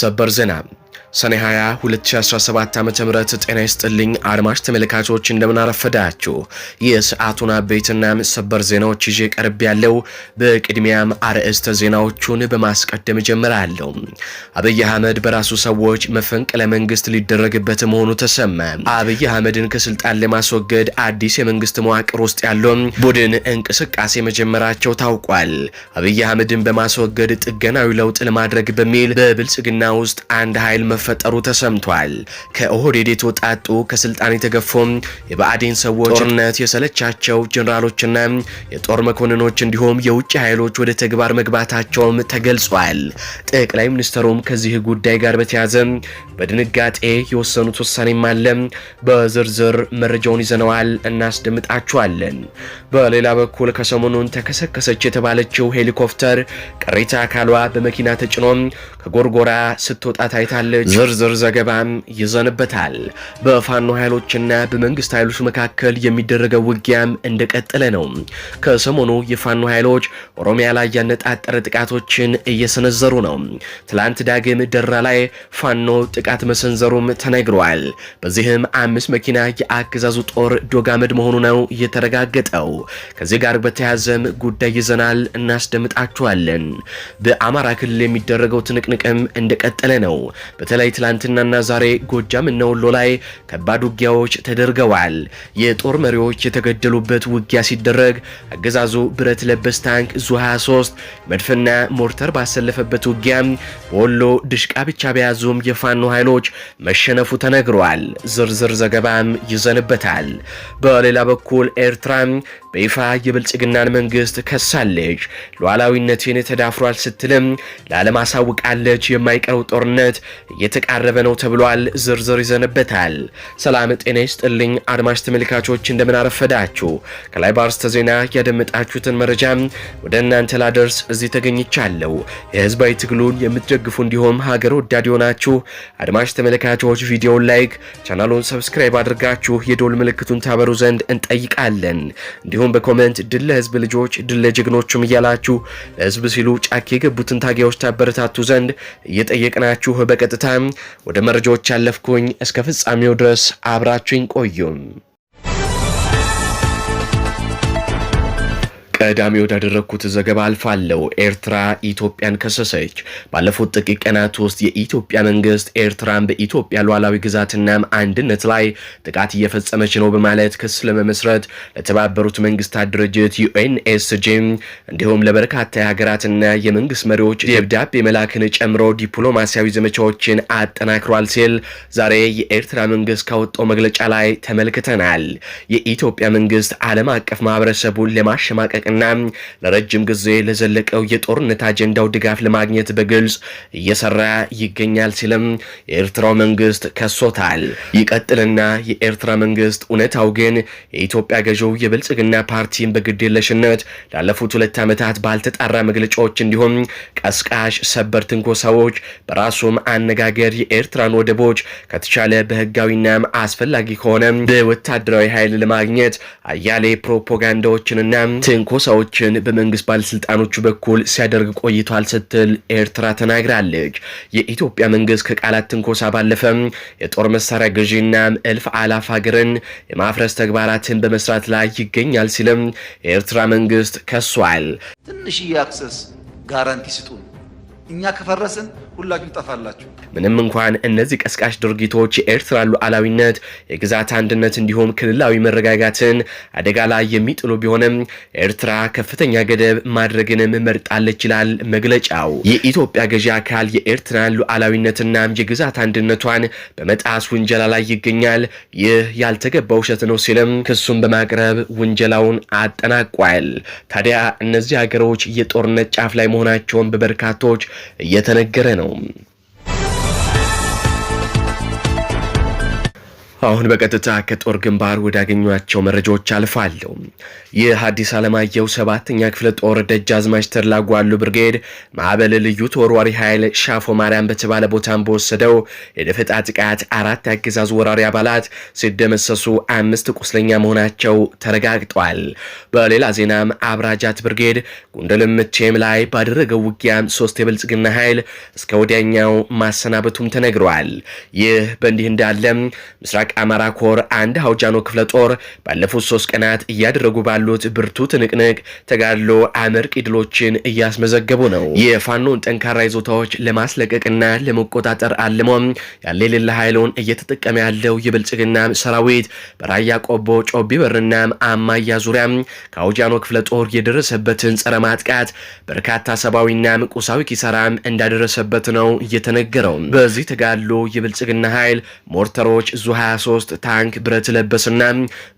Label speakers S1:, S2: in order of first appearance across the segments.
S1: ሰበር ዜና ሰኔ 20 2017 ዓ.ም ጤና ይስጥልኝ አድማጭ ተመልካቾች፣ እንደምናረፈዳችሁ የሰዓቱን አበይትና ሰበር ዜናዎች ይዤ ቀርብ ያለው። በቅድሚያም አርዕስተ ዜናዎቹን በማስቀደም እጀምራለሁ። አብይ አህመድ በራሱ ሰዎች መፈንቅለ መንግስት ሊደረግበት መሆኑ ተሰማ። አብይ አህመድን ከስልጣን ለማስወገድ አዲስ የመንግስት መዋቅር ውስጥ ያለው ቡድን እንቅስቃሴ መጀመራቸው ታውቋል። አብይ አህመድን በማስወገድ ጥገናዊ ለውጥ ለማድረግ በሚል በብልጽግና ውስጥ አንድ ኃይል መፈጠሩ ተሰምቷል። ከኦህዴድ የተወጣጡ ከስልጣን የተገፉም የብአዴን ሰዎች ጦርነት የሰለቻቸው ጀኔራሎችና የጦር መኮንኖች እንዲሁም የውጭ ኃይሎች ወደ ተግባር መግባታቸውም ተገልጿል። ጠቅላይ ሚኒስትሩም ከዚህ ጉዳይ ጋር በተያያዘ በድንጋጤ የወሰኑት ውሳኔም አለ። በዝርዝር መረጃውን ይዘነዋል፣ እናስደምጣችኋለን። በሌላ በኩል ከሰሞኑን ተከሰከሰች የተባለችው ሄሊኮፕተር ቅሪተ አካሏ በመኪና ተጭኖ ከጎርጎራ ስትወጣ ታይታለች። ዝርዝር ዘገባም ይዘንበታል። በፋኖ ኃይሎችና በመንግስት ኃይሎች መካከል የሚደረገው ውጊያም እንደቀጠለ ነው። ከሰሞኑ የፋኖ ኃይሎች ኦሮሚያ ላይ ያነጣጠረ ጥቃቶችን እየሰነዘሩ ነው። ትላንት ዳግም ደራ ላይ ፋኖ ጥቃት መሰንዘሩም ተነግሯል። በዚህም አምስት መኪና የአገዛዙ ጦር ዶጋመድ መሆኑ ነው የተረጋገጠው። ከዚህ ጋር በተያያዘም ጉዳይ ይዘናል፣ እናስደምጣችኋለን። በአማራ ክልል የሚደረገው ትንቅንቅም እንደቀጠለ ነው። በተለይ ትላንትናና ዛሬ ጎጃም እና ወሎ ላይ ከባድ ውጊያዎች ተደርገዋል። የጦር መሪዎች የተገደሉበት ውጊያ ሲደረግ አገዛዙ ብረት ለበስ ታንክ ዙ 23 መድፍና ሞርተር ባሰለፈበት ውጊያ በወሎ ድሽቃ ብቻ በያዙም የፋኖ ኃይሎች መሸነፉ ተነግሯል። ዝርዝር ዘገባም ይዘንበታል። በሌላ በኩል ኤርትራ በይፋ የብልጽግናን መንግስት ከሳለች። ሉዓላዊነቴን ተዳፍሯል ስትልም ለዓለም አሳውቃለች። የማይቀረው ጦርነት እየተቃረበ ነው ተብሏል። ዝርዝር ይዘንበታል። ሰላም ጤና ይስጥልኝ አድማጭ ተመልካቾች፣ እንደምን አረፈዳችሁ። ከላይ ባርስተ ዜና ያደመጣችሁትን መረጃ ወደ እናንተ ላደርስ እዚህ ተገኝቻለሁ። የህዝባዊ ትግሉን የምትደግፉ እንዲሁም ሀገር ወዳድ የሆናችሁ አድማጭ ተመልካቾች ቪዲዮውን ላይክ፣ ቻናሉን ሰብስክራይብ አድርጋችሁ የዶል ምልክቱን ታበሩ ዘንድ እንጠይቃለን። እንዲሁም እንዲሁም በኮመንት ድል ለህዝብ ልጆች ድል ለጀግኖቹም እያላችሁ ለህዝብ ሲሉ ጫካ የገቡትን ታጋዮች ታበረታቱ ዘንድ እየጠየቅናችሁ በቀጥታ ወደ መረጃዎች ያለፍኩኝ። እስከ ፍጻሜው ድረስ አብራችሁኝ ቆዩም። ቀዳሚ ወዳደረግኩት ዘገባ አልፋለሁ። ኤርትራ ኢትዮጵያን ከሰሰች። ባለፉት ጥቂት ቀናት ውስጥ የኢትዮጵያ መንግስት ኤርትራን በኢትዮጵያ ሉዓላዊ ግዛትና አንድነት ላይ ጥቃት እየፈጸመች ነው በማለት ክስ ለመመስረት ለተባበሩት መንግስታት ድርጅት ዩኤንኤስጂ እንዲሁም ለበርካታ የሀገራትና የመንግስት መሪዎች ደብዳቤ መላክን ጨምሮ ዲፕሎማሲያዊ ዘመቻዎችን አጠናክሯል ሲል ዛሬ የኤርትራ መንግስት ካወጣው መግለጫ ላይ ተመልክተናል። የኢትዮጵያ መንግስት ዓለም አቀፍ ማህበረሰቡን ለማሸማቀቅ ለማስታጠቅና ለረጅም ጊዜ ለዘለቀው የጦርነት አጀንዳው ድጋፍ ለማግኘት በግልጽ እየሰራ ይገኛል ሲልም የኤርትራው መንግስት ከሶታል። ይቀጥልና የኤርትራ መንግስት እውነታው ግን የኢትዮጵያ ገዢው የብልጽግና ፓርቲን በግዴለሽነት ላለፉት ሁለት ዓመታት ባልተጣራ መግለጫዎች እንዲሁም ቀስቃሽ ሰበር ትንኮሳዎች በራሱም አነጋገር የኤርትራን ወደቦች ከተቻለ በህጋዊና አስፈላጊ ከሆነ በወታደራዊ ኃይል ለማግኘት አያሌ ፕሮፓጋንዳዎችንና ትንኮ ትንኮሳዎችን በመንግስት ባለስልጣኖቹ በኩል ሲያደርግ ቆይቷል ስትል ኤርትራ ተናግራለች። የኢትዮጵያ መንግስት ከቃላት ትንኮሳ ባለፈ የጦር መሳሪያ ገዢና እልፍ አላፍ ሀገርን የማፍረስ ተግባራትን በመስራት ላይ ይገኛል ሲልም የኤርትራ መንግስት ከሷል።
S2: ትንሽ የአክሰስ ጋራንቲ ስጡን፣ እኛ ከፈረስን ሁላችሁ ጠፋላችሁ።
S1: ምንም እንኳን እነዚህ ቀስቃሽ ድርጊቶች የኤርትራ ሉዓላዊነት፣ የግዛት አንድነት እንዲሁም ክልላዊ መረጋጋትን አደጋ ላይ የሚጥሉ ቢሆንም ኤርትራ ከፍተኛ ገደብ ማድረግንም መርጣለች ይላል መግለጫው። የኢትዮጵያ ገዢ አካል የኤርትራን ሉዓላዊነትና የግዛት አንድነቷን በመጣስ ውንጀላ ላይ ይገኛል። ይህ ያልተገባ ውሸት ነው ሲልም ክሱን በማቅረብ ውንጀላውን አጠናቋል። ታዲያ እነዚህ ሀገሮች የጦርነት ጫፍ ላይ መሆናቸውን በበርካቶች እየተነገረ ነው። አሁን በቀጥታ ከጦር ግንባር ወዳገኟቸው መረጃዎች አልፋለሁ። ይህ አዲስ አለማየሁ ሰባተኛ ክፍለ ጦር ደጃዝማች ተድላ ጓሉ ብርጌድ ማዕበል ልዩ ተወርዋሪ ኃይል ሻፎ ማርያም በተባለ ቦታን በወሰደው የደፈጣ ጥቃት አራት የአገዛዙ ወራሪ አባላት ሲደመሰሱ አምስት ቁስለኛ መሆናቸው ተረጋግጧል። በሌላ ዜናም አብራጃት ብርጌድ ጉንደልም ቼም ላይ ባደረገው ውጊያም ሶስት የብልጽግና ኃይል እስከ ወዲያኛው ማሰናበቱም ተነግሯል። ይህ በእንዲህ እንዳለም ምስራቅ ምስራቅ አማራ ኮር አንድ ሀውጃኖ ክፍለ ጦር ባለፉት ሶስት ቀናት እያደረጉ ባሉት ብርቱ ትንቅንቅ ተጋድሎ አመርቂ ድሎችን እያስመዘገቡ ነው። የፋኖን ጠንካራ ይዞታዎች ለማስለቀቅና ለመቆጣጠር አልሞም ያለ የሌለ ኃይሉን እየተጠቀመ ያለው የብልጽግና ሰራዊት በራያ ቆቦ፣ ጮቢ በርና አማያ ዙሪያ ከአውጃኖ ክፍለ ጦር የደረሰበትን ጸረ ማጥቃት በርካታ ሰብአዊና ቁሳዊ ኪሳራም እንዳደረሰበት ነው እየተነገረው። በዚህ ተጋድሎ የብልጽግና ኃይል ሞርተሮች ዙሃ 23 ታንክ ብረት ለበስና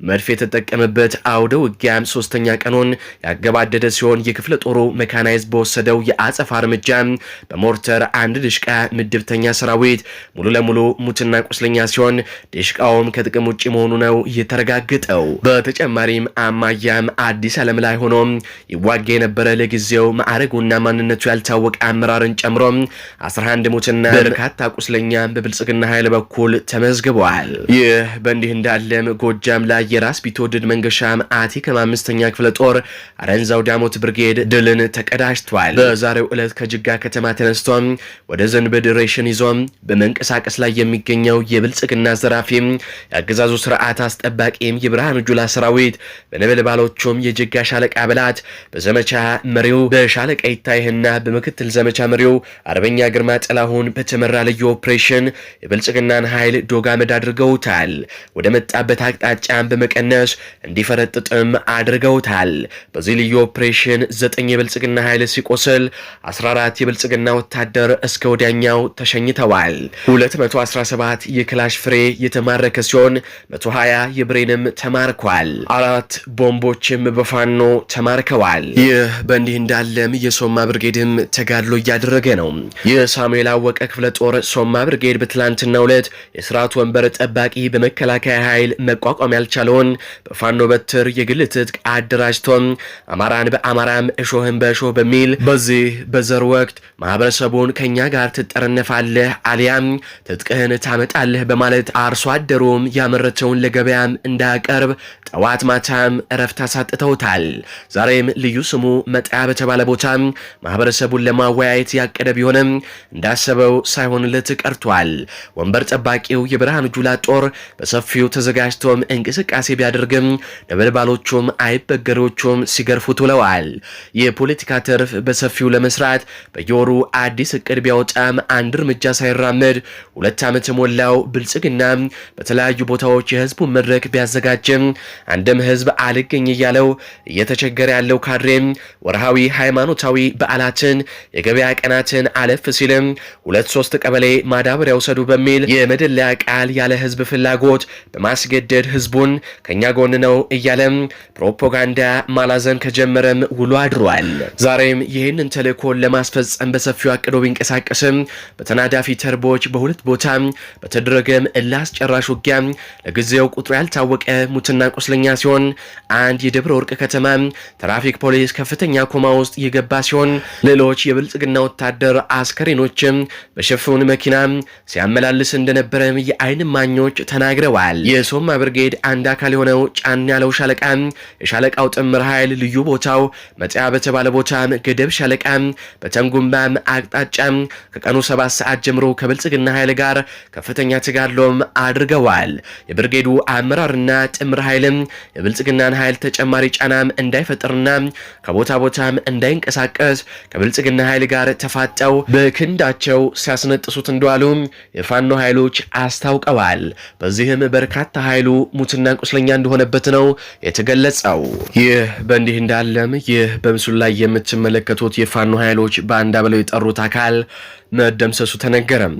S1: መድፍ የተጠቀመበት አውደ ውጊያ ሶስተኛ ቀኑን ያገባደደ ሲሆን የክፍለ ጦሩ መካናይዝ በወሰደው የአጸፋ እርምጃ በሞርተር አንድ ድሽቃ ምድብተኛ ሰራዊት ሙሉ ለሙሉ ሙትና ቁስለኛ ሲሆን ድሽቃውም ከጥቅም ውጭ መሆኑ ነው የተረጋገጠው። በተጨማሪም አማያም አዲስ ዓለም ላይ ሆኖ ይዋጋ የነበረ ለጊዜው ማዕረጉና ማንነቱ ያልታወቀ አመራርን ጨምሮ 11 ሙትና በርካታ ቁስለኛ በብልጽግና ኃይል በኩል ተመዝግበዋል። ይህ በእንዲህ እንዳለም ጎጃም ላይ የራስ ቢትወደድ መንገሻም አቴ ከማምስተኛ ክፍለ ጦር አረንዛው ዳሞት ብርጌድ ድልን ተቀዳጅቷል። በዛሬው ዕለት ከጅጋ ከተማ ተነስቶ ወደ ዘንበድ ሬሽን ይዞም በመንቀሳቀስ ላይ የሚገኘው የብልጽግና ዘራፊም የአገዛዙ ስርዓት አስጠባቂም የብርሃኑ ጁላ ሰራዊት በነበልባሎቹም የጅጋ ሻለቃ አባላት በዘመቻ መሪው በሻለቃ ይታይህና በምክትል ዘመቻ መሪው አርበኛ ግርማ ጥላሁን በተመራ ልዩ ኦፕሬሽን የብልጽግናን ኃይል ዶጋ መድ አድርገው አድርገውታል። ወደ መጣበት አቅጣጫን በመቀነስ እንዲፈረጥጥም አድርገውታል። በዚህ ልዩ ኦፕሬሽን ዘጠኝ የብልጽግና ኃይል ሲቆስል 14 የብልጽግና ወታደር እስከ ወዲያኛው ተሸኝተዋል። 217 የክላሽ ፍሬ የተማረከ ሲሆን 120 የብሬንም ተማርኳል። አራት ቦምቦችም በፋኖ ተማርከዋል። ይህ በእንዲህ እንዳለም የሶማ ብርጌድም ተጋድሎ እያደረገ ነው። የሳሙኤል አወቀ ክፍለ ጦር ሶማ ብርጌድ በትላንትና ሁለት የስርዓት ወንበር ጠባቂ ታጣቂ በመከላከያ ኃይል መቋቋም ያልቻለውን በፋኖ በትር የግል ትጥቅ አደራጅቶም አማራን በአማራም እሾህን በእሾህ በሚል በዚህ በዘር ወቅት ማህበረሰቡን ከእኛ ጋር ትጠረነፋለህ አሊያም ትጥቅህን ታመጣለህ በማለት አርሶ አደሩም ያመረተውን ለገበያም እንዳያቀርብ ጠዋት ማታም እረፍት አሳጥተውታል። ዛሬም ልዩ ስሙ መጣያ በተባለ ቦታ ማህበረሰቡን ለማወያየት ያቀደ ቢሆንም እንዳሰበው ሳይሆንለት ቀርቷል። ወንበር ጠባቂው የብርሃኑ ጁላ ጦር ጦር በሰፊው ተዘጋጅቶም እንቅስቃሴ ቢያደርግም ነበልባሎቹም አይበገሬዎቹም ሲገርፉት ውለዋል። የፖለቲካ ትርፍ በሰፊው ለመስራት በየወሩ አዲስ እቅድ ቢያወጣም አንድ እርምጃ ሳይራመድ ሁለት ዓመት የሞላው ብልጽግና በተለያዩ ቦታዎች የህዝቡን መድረክ ቢያዘጋጅም አንድም ህዝብ አልገኝ እያለው እየተቸገረ ያለው ካድሬም ወርሃዊ ሃይማኖታዊ በዓላትን፣ የገበያ ቀናትን አለፍ ሲልም ሁለት ሶስት ቀበሌ ማዳበሪያ ውሰዱ በሚል የመደለያ ቃል ያለ ህዝብ ፍላጎት በማስገደድ ህዝቡን ከኛ ጎን ነው እያለም ፕሮፓጋንዳ ማላዘን ከጀመረም ውሎ አድሯል። ዛሬም ይህንን ተልእኮን ለማስፈጸም በሰፊው አቅዶ ቢንቀሳቀስም በተናዳፊ ተርቦች በሁለት ቦታ በተደረገም ላስጨራሽ ውጊያ ለጊዜው ቁጥሩ ያልታወቀ ሙትና ቁስለኛ ሲሆን አንድ የደብረ ወርቅ ከተማ ትራፊክ ፖሊስ ከፍተኛ ኮማ ውስጥ የገባ ሲሆን ሌሎች የብልጽግና ወታደር አስከሬኖችም በሽፍን መኪና ሲያመላልስ እንደነበረም የአይን ማኞች ተናግረዋል። የሶማ ብርጌድ አንድ አካል የሆነው ጫን ያለው ሻለቃ የሻለቃው ጥምር ኃይል ልዩ ቦታው መጽያ በተባለ ቦታ ገደብ ሻለቃ በተንጉማም አቅጣጫ ከቀኑ ሰባት ሰዓት ጀምሮ ከብልጽግና ኃይል ጋር ከፍተኛ ትጋድሎም አድርገዋል። የብርጌዱ አመራርና ጥምር ኃይልም የብልጽግናን ኃይል ተጨማሪ ጫናም እንዳይፈጥርና ከቦታ ቦታም እንዳይንቀሳቀስ ከብልጽግና ኃይል ጋር ተፋጠው በክንዳቸው ሲያስነጥሱት እንደዋሉ የፋኖ ኃይሎች አስታውቀዋል። በዚህም በርካታ ኃይሉ ሙትና ቁስለኛ እንደሆነበት ነው የተገለጸው። ይህ በእንዲህ እንዳለም ይህ በምስሉ ላይ የምትመለከቱት የፋኖ ኃይሎች በአንድ ብለው የጠሩት አካል መደምሰሱ ተነገረም።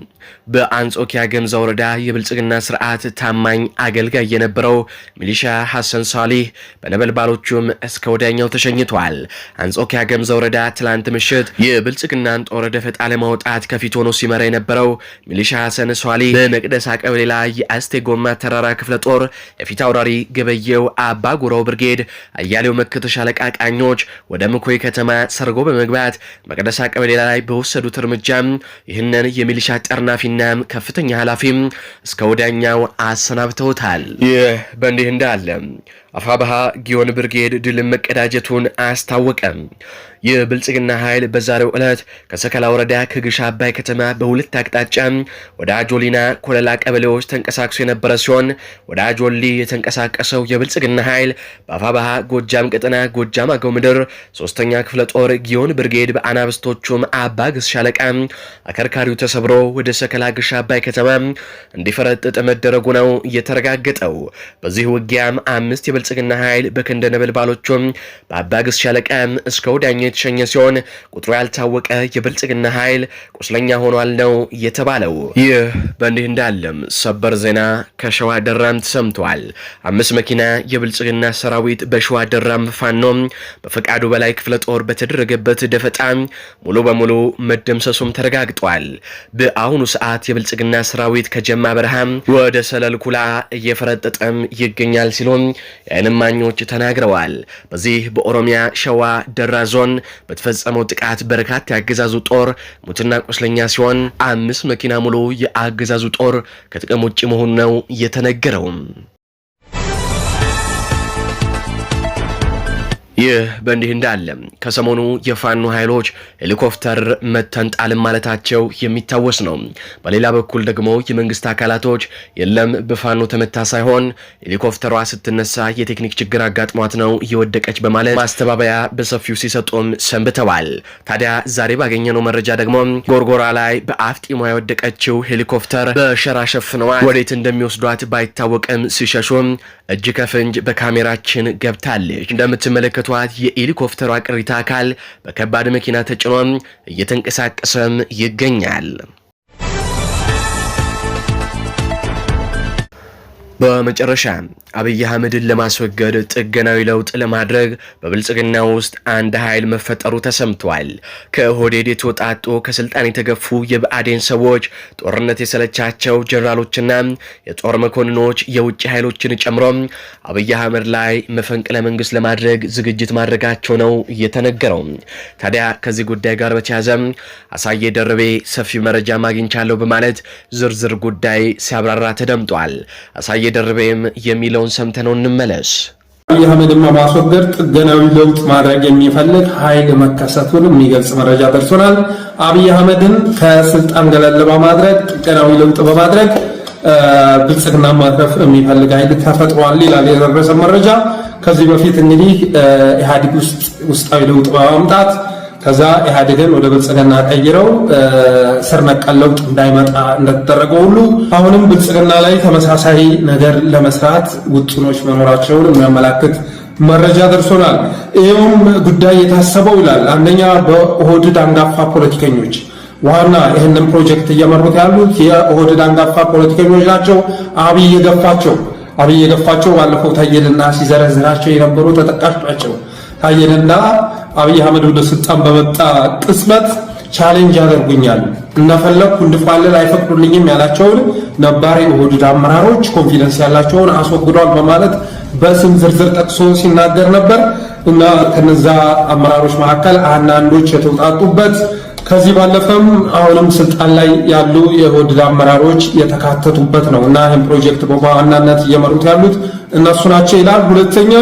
S1: በአንጾኪያ ገምዛ ወረዳ የብልጽግና ስርዓት ታማኝ አገልጋይ የነበረው ሚሊሻ ሐሰን ሳሊህ በነበልባሎቹም እስከ ወዲያኛው ተሸኝቷል። አንጾኪያ ገምዛ ወረዳ ትላንት ምሽት የብልጽግናን ጦር ደፈጣ ለማውጣት ከፊት ሆኖ ሲመራ የነበረው ሚሊሻ ሐሰን ሳሊህ በመቅደስ አቀበሌ ላይ አስቴ ጎማ ተራራ ክፍለ ጦር የፊት አውራሪ ገበየው አባ ብርጌድ አያሌው መከተሻ አለቃ ቃኞች ወደ ምኮይ ከተማ ሰርጎ በመግባት መቅደሳ ቀበሌ ላይ በወሰዱት እርምጃ ይህንን የሚሊሻ ጠርናፊና ከፍተኛ ኃላፊም እስከ ወዲያኛው አሰናብተውታል። ይህ በእንዲህ እንዳለ አፋብሃ ጊዮን ብርጌድ ድልን መቀዳጀቱን አስታወቀም። ይህ ብልጽግና ኃይል በዛሬው ዕለት ከሰከላ ወረዳ ከግሻ አባይ ከተማ በሁለት አቅጣጫ ወደ አጆሊና ኮለላ ቀበሌዎች ተንቀሳቅሶ የነበረ ሲሆን ወደ አጆሊ የተንቀሳቀሰው የብልጽግና ኃይል በአፋባሃ ጎጃም ቀጠና ጎጃም አገው ምድር ሶስተኛ ክፍለ ጦር ጊዮን ብርጌድ በአናብስቶቹም አባ ግስ ሻለቃ አከርካሪው ተሰብሮ ወደ ሰከላ ግሻ አባይ ከተማ እንዲፈረጥጥ መደረጉ ነው የተረጋገጠው። በዚህ ውጊያም አምስት የብልጽግና ኃይል በክንደ ነበልባሎቹም በአባግስ ሻለቃም እስከ ወዳኛው የተሸኘ ሲሆን ቁጥሩ ያልታወቀ የብልጽግና ኃይል ቁስለኛ ሆኗል ነው የተባለው። ይህ በእንዲህ እንዳለም ሰበር ዜና ከሸዋ ደራም ተሰምቷል። አምስት መኪና የብልጽግና ሰራዊት በሸዋ ደራም ፋኖ በፈቃዱ በላይ ክፍለ ጦር በተደረገበት ደፈጣ ሙሉ በሙሉ መደምሰሱም ተረጋግጧል። በአሁኑ ሰዓት የብልጽግና ሰራዊት ከጀማ በረሃም ወደ ሰለልኩላ እየፈረጠጠም ይገኛል ሲሉም የዓይን እማኞች ተናግረዋል። በዚህ በኦሮሚያ ሸዋ ደራ ዞን በተፈጸመው ጥቃት በርካታ የአገዛዙ ጦር ሙትና ቁስለኛ ሲሆን አምስት መኪና ሙሉ የአገዛዙ ጦር ከጥቅም ውጭ መሆኑ ነው የተነገረውም። ይህ በእንዲህ እንዳለ ከሰሞኑ የፋኖ ኃይሎች ሄሊኮፕተር መተን ማለታቸው የሚታወስ ነው። በሌላ በኩል ደግሞ የመንግስት አካላቶች የለም በፋኖ ተመታ ሳይሆን ሄሊኮፕተሯ ስትነሳ የቴክኒክ ችግር አጋጥሟት ነው የወደቀች በማለት ማስተባበያ በሰፊው ሲሰጡም ሰንብተዋል። ታዲያ ዛሬ ባገኘነው መረጃ ደግሞ ጎርጎራ ላይ በአፍጢሟ የወደቀችው ሄሊኮፕተር በሸራ ሸፍነዋል። ወዴት እንደሚወስዷት ባይታወቅም ሲሸሹም እጅ ከፍንጅ በካሜራችን ገብታለች። እንደምትመለከቱ የመቷት የሄሊኮፕተሯ ቅሪተ አካል በከባድ መኪና ተጭኖም እየተንቀሳቀሰም ይገኛል። በመጨረሻ አብይ አህመድን ለማስወገድ ጥገናዊ ለውጥ ለማድረግ በብልጽግና ውስጥ አንድ ኃይል መፈጠሩ ተሰምቷል። ከሆዴድ የተወጣጡ ከስልጣን የተገፉ የብአዴን ሰዎች ጦርነት የሰለቻቸው ጀኔራሎችና የጦር መኮንኖች የውጭ ኃይሎችን ጨምሮ አብይ አህመድ ላይ መፈንቅለ መንግስት ለማድረግ ዝግጅት ማድረጋቸው ነው እየተነገረው። ታዲያ ከዚህ ጉዳይ ጋር በተያያዘ አሳየ ደርቤ ሰፊ መረጃ ማግኝቻለሁ በማለት ዝርዝር ጉዳይ ሲያብራራ ተደምጧል። የደርቤም የሚለውን ሰምተነው እንመለስ።
S2: አብይ አህመድን በማስወገድ ጥገናዊ ለውጥ ማድረግ የሚፈልግ ኃይል መከሰቱን የሚገልጽ መረጃ ደርሶናል። አብይ አህመድን ከስልጣን ገለል በማድረግ ጥገናዊ ለውጥ በማድረግ ብልጽግና ማትረፍ የሚፈልግ ኃይል ተፈጥሯል ይላል የደረሰ መረጃ። ከዚህ በፊት እንግዲህ ኢህአዲግ ውስጥ ውስጣዊ ለውጥ በማምጣት ከዛ ኢህአዴግን ወደ ብልጽግና ቀይረው ስር ነቀል ለውጥ እንዳይመጣ እንደተደረገው ሁሉ አሁንም ብልጽግና ላይ ተመሳሳይ ነገር ለመስራት ውጥኖች መኖራቸውን የሚያመላክት መረጃ ደርሶናል። ይህም ጉዳይ የታሰበው ይላል አንደኛ በኦህዴድ አንጋፋ ፖለቲከኞች ዋና ይህንን ፕሮጀክት እየመሩት ያሉት የኦህዴድ አንጋፋ ፖለቲከኞች ናቸው። አብይ የገፋቸው አብይ የገፋቸው ባለፈው ታየድና ሲዘረዝራቸው የነበሩ ተጠቃሽ ናቸው። ታየንና አብይ አህመድ ወደ ስልጣን በመጣ ቅጽበት ቻሌንጅ ያደርጉኛል እንደፈለኩ እንድፋለል አይፈቅዱልኝም ያላቸውን ነባሪ የኦህዴድ አመራሮች ኮንፊደንስ ያላቸውን አስወግዷል በማለት በስም ዝርዝር ጠቅሶ ሲናገር ነበር እና ከነዛ አመራሮች መካከል አንዳንዶች የተውጣጡበት ከዚህ ባለፈም አሁንም ስልጣን ላይ ያሉ የኦህዴድ አመራሮች የተካተቱበት ነው እና ይህም ፕሮጀክት በዋናነት እየመሩት ያሉት እነሱ ናቸው ይላል። ሁለተኛ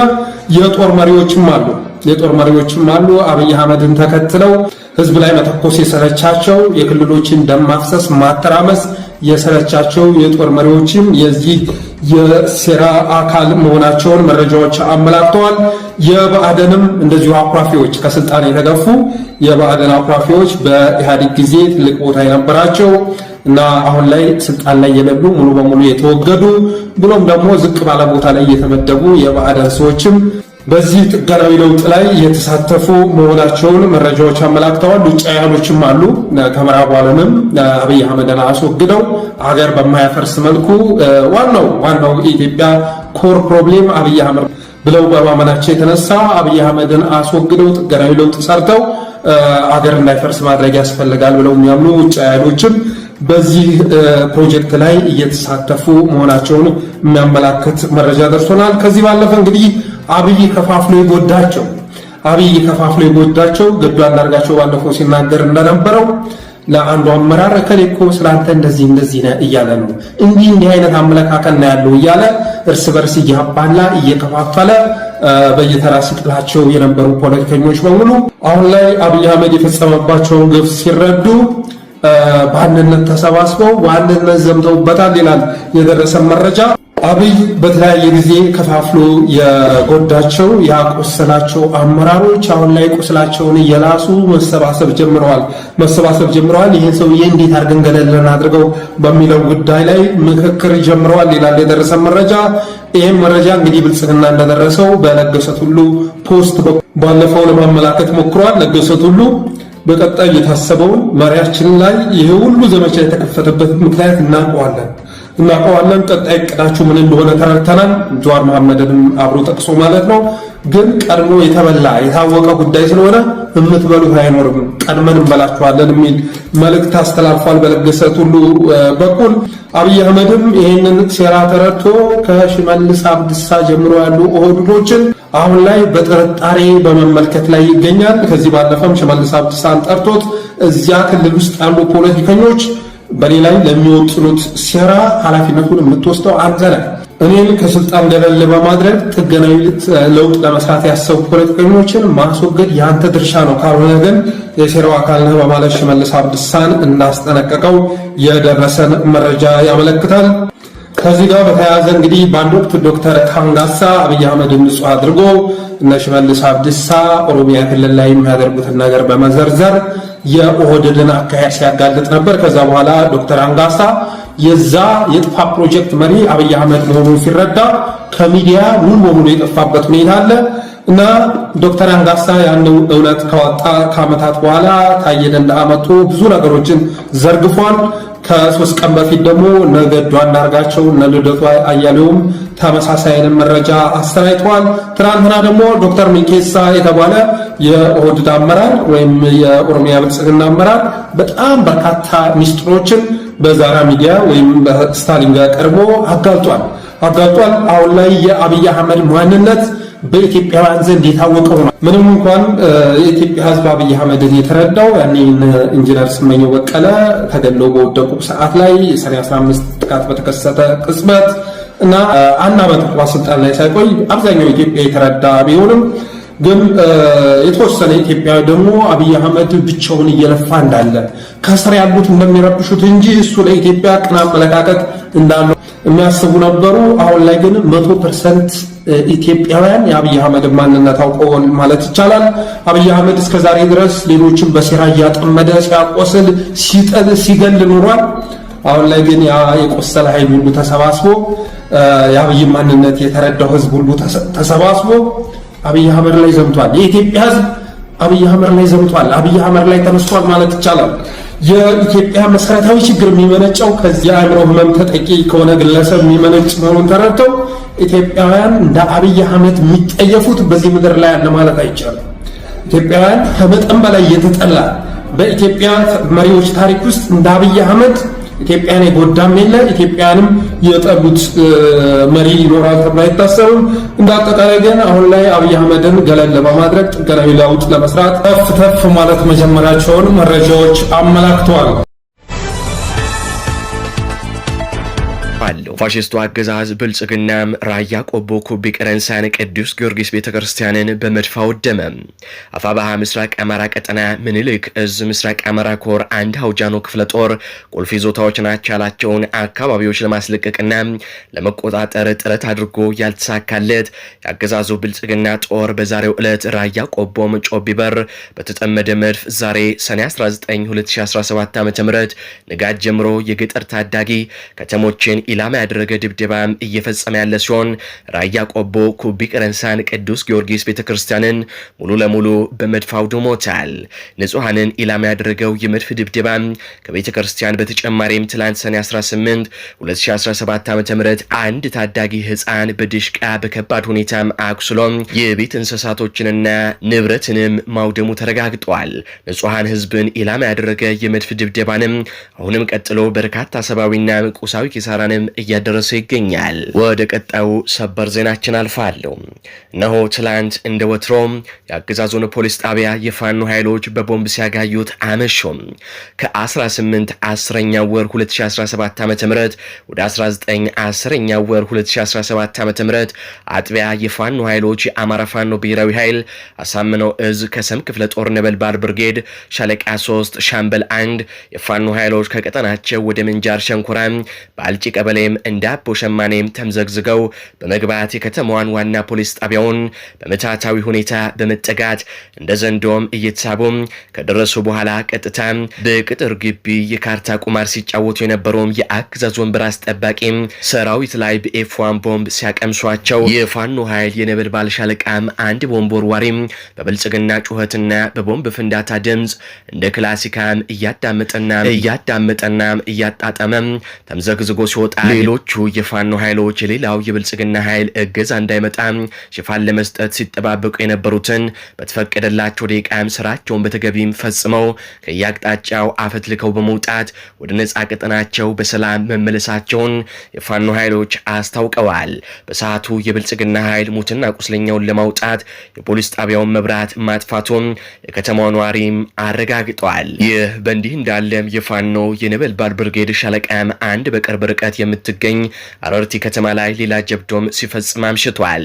S2: የጦር መሪዎችም አሉ። የጦር መሪዎችም አሉ። አብይ አህመድን ተከትለው ህዝብ ላይ መተኮስ የሰለቻቸው የክልሎችን ደም ማፍሰስ፣ ማተራመስ የሰለቻቸው የጦር መሪዎችም የዚህ የሴራ አካል መሆናቸውን መረጃዎች አመላክተዋል። የባአደንም እንደዚሁ አኩራፊዎች ከስልጣን የተገፉ የባአደን አኩራፊዎች በኢህአዴግ ጊዜ ትልቅ ቦታ የነበራቸው እና አሁን ላይ ስልጣን ላይ የሌሉ ሙሉ በሙሉ የተወገዱ ብሎም ደግሞ ዝቅ ባለ ቦታ ላይ የተመደቡ የብአዴን ሰዎችም በዚህ ጥገናዊ ለውጥ ላይ የተሳተፉ መሆናቸውን መረጃዎች አመላክተዋል። ውጭ ኃይሎችም አሉ። ከምዕራብ ዓለምም አብይ አህመድን አስወግደው ሀገር በማያፈርስ መልኩ ዋናው ዋናው የኢትዮጵያ ኮር ፕሮብሌም አብይ አህመድ ብለው በማመናቸው የተነሳ አብይ አህመድን አስወግደው ጥገናዊ ለውጥ ሰርተው አገር እንዳይፈርስ ማድረግ ያስፈልጋል ብለው የሚያምኑ ውጭ በዚህ ፕሮጀክት ላይ እየተሳተፉ መሆናቸውን የሚያመላክት መረጃ ደርሶናል። ከዚህ ባለፈ እንግዲህ አብይ ከፋፍሎ የጎዳቸው አብይ ከፋፍሎ የጎዳቸው ገዱ አንዳርጋቸው ባለፈው ሲናገር እንደነበረው ለአንዱ አመራር እከሌ እኮ ስላንተ እንደዚህ እንደዚህ ነው እያለ ነው እንዲህ እንዲህ አይነት አመለካከት ነው ያለው እያለ እርስ በርስ እያባላ እየከፋፈለ በየተራ ሲጥላቸው የነበሩ ፖለቲከኞች በሙሉ አሁን ላይ አብይ አህመድ የፈጸመባቸውን ግፍ ሲረዱ በአንድነት ተሰባስበው በአንድነት ዘምተውበታል ይላል የደረሰ መረጃ። አብይ በተለያየ ጊዜ ከፋፍሎ የጎዳቸው ያቆሰላቸው አመራሮች አሁን ላይ ቁስላቸውን እየላሱ መሰባሰብ ጀምረዋል መሰባሰብ ጀምረዋል። ይህን ሰውዬ እንዴት አድርገን ገለል አድርገው በሚለው ጉዳይ ላይ ምክክር ጀምረዋል ይላል የደረሰ መረጃ። ይህም መረጃ እንግዲህ ብልጽግና እንደደረሰው በለገሰት ሁሉ ፖስት ባለፈው ለማመላከት ሞክሯል። ለገሰት ሁሉ በቀጣይ የታሰበውን መሪያችን ላይ ይህ ሁሉ ዘመቻ የተከፈተበት ምክንያት እናውቀዋለን። እናውቀዋለን። ቀጣይ እቅዳችሁ ምን እንደሆነ ተረድተናል። ጀዋር መሐመድንም አብሮ ጠቅሶ ማለት ነው። ግን ቀድሞ የተበላ የታወቀ ጉዳይ ስለሆነ የምትበሉት አይኖርም፣ ቀድመን እንበላችኋለን የሚል መልእክት አስተላልፏል። በለገሰት ሁሉ በኩል አብይ አህመድም ይህንን ሴራ ተረድቶ ከሽመልስ አብዲሳ ጀምሮ ያሉ ኦህዴዶችን አሁን ላይ በጥርጣሬ በመመልከት ላይ ይገኛል። ከዚህ ባለፈም ሽመልስ አብዲሳን ጠርቶት እዚያ ክልል ውስጥ ያሉ ፖለቲከኞች በእኔ ላይ ለሚወጥኑት ሴራ ኃላፊነቱን የምትወስደው አንተ ነህ። እኔን ከስልጣን ገለል በማድረግ ጥገናዊ ለውጥ ለመስራት ያሰቡ ፖለቲከኞችን ማስወገድ የአንተ ድርሻ ነው፣ ካልሆነ ግን የሴራው አካል ነህ በማለት ሽመልስ አብዲሳን እንዳስጠነቀቀው የደረሰን መረጃ ያመለክታል። ከዚህ ጋር በተያያዘ እንግዲህ በአንድ ወቅት ዶክተር ካንጋሳ አብይ አህመድን ንጹህ አድርጎ እነ ሽመልስ አብዲሳ ኦሮሚያ ክልል ላይ የሚያደርጉትን ነገር በመዘርዘር የኦህደድን አካሄድ ሲያጋልጥ ነበር። ከዛ በኋላ ዶክተር አንጋሳ የዛ የጥፋ ፕሮጀክት መሪ አብይ አህመድ መሆኑን ሲረዳ ከሚዲያ ሙሉ በሙሉ የጠፋበት ሁኔታ አለ እና ዶክተር አንጋሳ ያን እውነት ከወጣ ከአመታት በኋላ ታየ ደንደዓ መጥቶ ብዙ ነገሮችን ዘርግፏል። ከሶስት ቀን በፊት ደግሞ እነ ገዱ አንዳርጋቸው እነ ልደቱ አያሌውም ተመሳሳይንም መረጃ አሰራጭተዋል። ትናንትና ደግሞ ዶክተር ሚንኬሳ የተባለ የኦህዴድ አመራር ወይም የኦሮሚያ ብልጽግና አመራር በጣም በርካታ ሚስጥሮችን በዛራ ሚዲያ ወይም በስታሊን ጋር ቀርቦ አጋልጧል አጋልጧል። አሁን ላይ የአብይ አህመድ ማንነት በኢትዮጵያውያን ዘንድ የታወቀ ሆኗል። ምንም እንኳን የኢትዮጵያ ሕዝብ አብይ አህመድን የተረዳው ያኔ ኢንጂነር ስመኘው በቀለ ተገለው በወደቁ ሰዓት ላይ የሰኔ 15 ጥቃት በተከሰተ ቅጽበት እና አንድ ዓመት ስልጣን ላይ ሳይቆይ አብዛኛው ኢትዮጵያ የተረዳ ቢሆንም ግን የተወሰነ ኢትዮጵያ ደግሞ አብይ አህመድ ብቻውን እየለፋ እንዳለ ከስር ያሉት እንደሚረብሹት እንጂ እሱ ለኢትዮጵያ ቅን አመለካከት እንዳለው የሚያስቡ ነበሩ። አሁን ላይ ግን መቶ ፐርሰንት ኢትዮጵያውያን የአብይ አህመድ ማንነት አውቀዋል ማለት ይቻላል። አብይ አህመድ እስከዛሬ ድረስ ሌሎችን በሴራ እያጠመደ ሲያቆስል፣ ሲጥል፣ ሲገል ኑሯል። አሁን ላይ ግን ያ የቆሰለ ኃይል ሁሉ ተሰባስቦ የአብይ ማንነት የተረዳው ህዝብ ሁሉ ተሰባስቦ አብይ አህመድ ላይ ዘምቷል። የኢትዮጵያ ህዝብ አብይ አህመድ ላይ ዘምቷል። አብይ አህመድ ላይ ተነስቷል ማለት ይቻላል። የኢትዮጵያ መሰረታዊ ችግር የሚመነጨው ከዚህ አእምሮ ህመም ተጠቂ ከሆነ ግለሰብ የሚመነጭ መሆኑን ተረድተው ኢትዮጵያውያን እንደ አብይ አህመድ የሚጠየፉት በዚህ ምድር ላይ አለ ማለት አይቻልም። ኢትዮጵያውያን ከመጠን በላይ የተጠላ በኢትዮጵያ መሪዎች ታሪክ ውስጥ እንደ አብይ አህመድ ኢትዮጵያን የጎዳም የለ ኢትዮጵያንም የጠሉት መሪ ይኖራል ተብሎ አይታሰብም። እንዳጠቃላይ ግን አሁን ላይ አብይ አህመድን ገለል ለማድረግ ጥገናዊ ለውጥ ለመስራት ተፍ ተፍ ማለት መጀመራቸውን መረጃዎች አመላክተዋል።
S1: ይገባሉ። ፋሽስቱ አገዛዝ ብልጽግናም ራያ ቆቦ ኩቢ ቀረንሳን ቅዱስ ጊዮርጊስ ቤተ ክርስቲያንን በመድፍ አወደመ። አፋባሃ ምስራቅ አማራ ቀጠና ምኒልክ እዝ ምስራቅ አማራ ኮር አንድ አውጃኖ ክፍለ ጦር ቁልፍ ይዞታዎች ናቸው ያላቸውን አካባቢዎች ለማስለቀቅና ለመቆጣጠር ጥረት አድርጎ ያልተሳካለት የአገዛዙ ብልጽግና ጦር በዛሬው ዕለት ራያ ቆቦም ጮቢበር በተጠመደ መድፍ ዛሬ ሰኔ 19 2017 ዓ ም ንጋት ጀምሮ የገጠር ታዳጊ ከተሞችን ኢላማ ያደረገ ድብደባ እየፈጸመ ያለ ሲሆን ራያ ቆቦ ኩቢ ቀረንሳን ቅዱስ ጊዮርጊስ ቤተክርስቲያንን ሙሉ ለሙሉ በመድፍ አውድሞታል። ንጹሐንን ኢላማ ያደረገው የመድፍ ድብደባ ከቤተክርስቲያን በተጨማሪም ትላንት ሰኔ 18 2017 ዓ ም አንድ ታዳጊ ህፃን በድሽቃ በከባድ ሁኔታም አቁስሎም የቤት እንስሳቶችንና ንብረትንም ማውደሙ ተረጋግጧል። ንጹሐን ህዝብን ኢላማ ያደረገ የመድፍ ድብደባንም አሁንም ቀጥሎ በርካታ ሰብአዊና ቁሳዊ ኪሳራን ጉዳትንም እያደረሰ ይገኛል። ወደ ቀጣዩ ሰበር ዜናችን አልፋለሁ። እነሆ ትላንት እንደ ወትሮም የአገዛዙን ፖሊስ ጣቢያ የፋኖ ኃይሎች በቦምብ ሲያጋዩት አመሹም። ከ18 10ኛ ወር 2017 ዓ ም ወደ 19 10ኛ ወር 2017 ዓ ም አጥቢያ የፋኖ ኃይሎች የአማራ ፋኖ ብሔራዊ ኃይል አሳምነው እዝ ከሰም ክፍለ ጦር ነበልባል ብርጌድ ሻለቃ 3 ሻምበል 1 የፋኖ ኃይሎች ከቀጠናቸው ወደ ምንጃር ሸንኮራ ባልጭ ቀበሌም እንደ አቦ ሸማኔም ተምዘግዝገው በመግባት የከተማዋን ዋና ፖሊስ ጣቢያውን በመታታዊ ሁኔታ በመጠጋት እንደ ዘንዶም እየተሳቡ ከደረሱ በኋላ ቀጥታ በቅጥር ግቢ የካርታ ቁማር ሲጫወቱ የነበረውም የአገዛዝ ወንበር አስጠባቂ ሰራዊት ላይ በኤፍዋን ቦምብ ሲያቀምሷቸው የፋኖ ኃይል የነበልባል ሻለቃም አንድ ቦምብ ወርዋሪም በብልጽግና ጩኸትና በቦምብ ፍንዳታ ድምፅ እንደ ክላሲካም እያዳመጠና እያዳመጠና እያጣጠመም ተምዘግዝጎ ሲወጣ ሌሎቹ የፋኖ ኃይሎች የሌላው የብልጽግና ኃይል እገዛ እንዳይመጣ ሽፋን ለመስጠት ሲጠባበቁ የነበሩትን በተፈቀደላቸው ደቂቃም ስራቸውን በተገቢም ፈጽመው ከየአቅጣጫው አፈትልከው በመውጣት ወደ ነፃ ቀጠናቸው በሰላም መመለሳቸውን የፋኖ ኃይሎች አስታውቀዋል። በሰዓቱ የብልጽግና ኃይል ሙትና ቁስለኛውን ለማውጣት የፖሊስ ጣቢያውን መብራት ማጥፋቱን የከተማው ነዋሪም አረጋግጠዋል። ይህ በእንዲህ እንዳለም የፋኖ የነበልባል ብርጌድ ሻለቃም አንድ በቅርብ ርቀት የምትገኝ አረርቲ ከተማ ላይ ሌላ ጀብዶም ሲፈጽም አምሽቷል።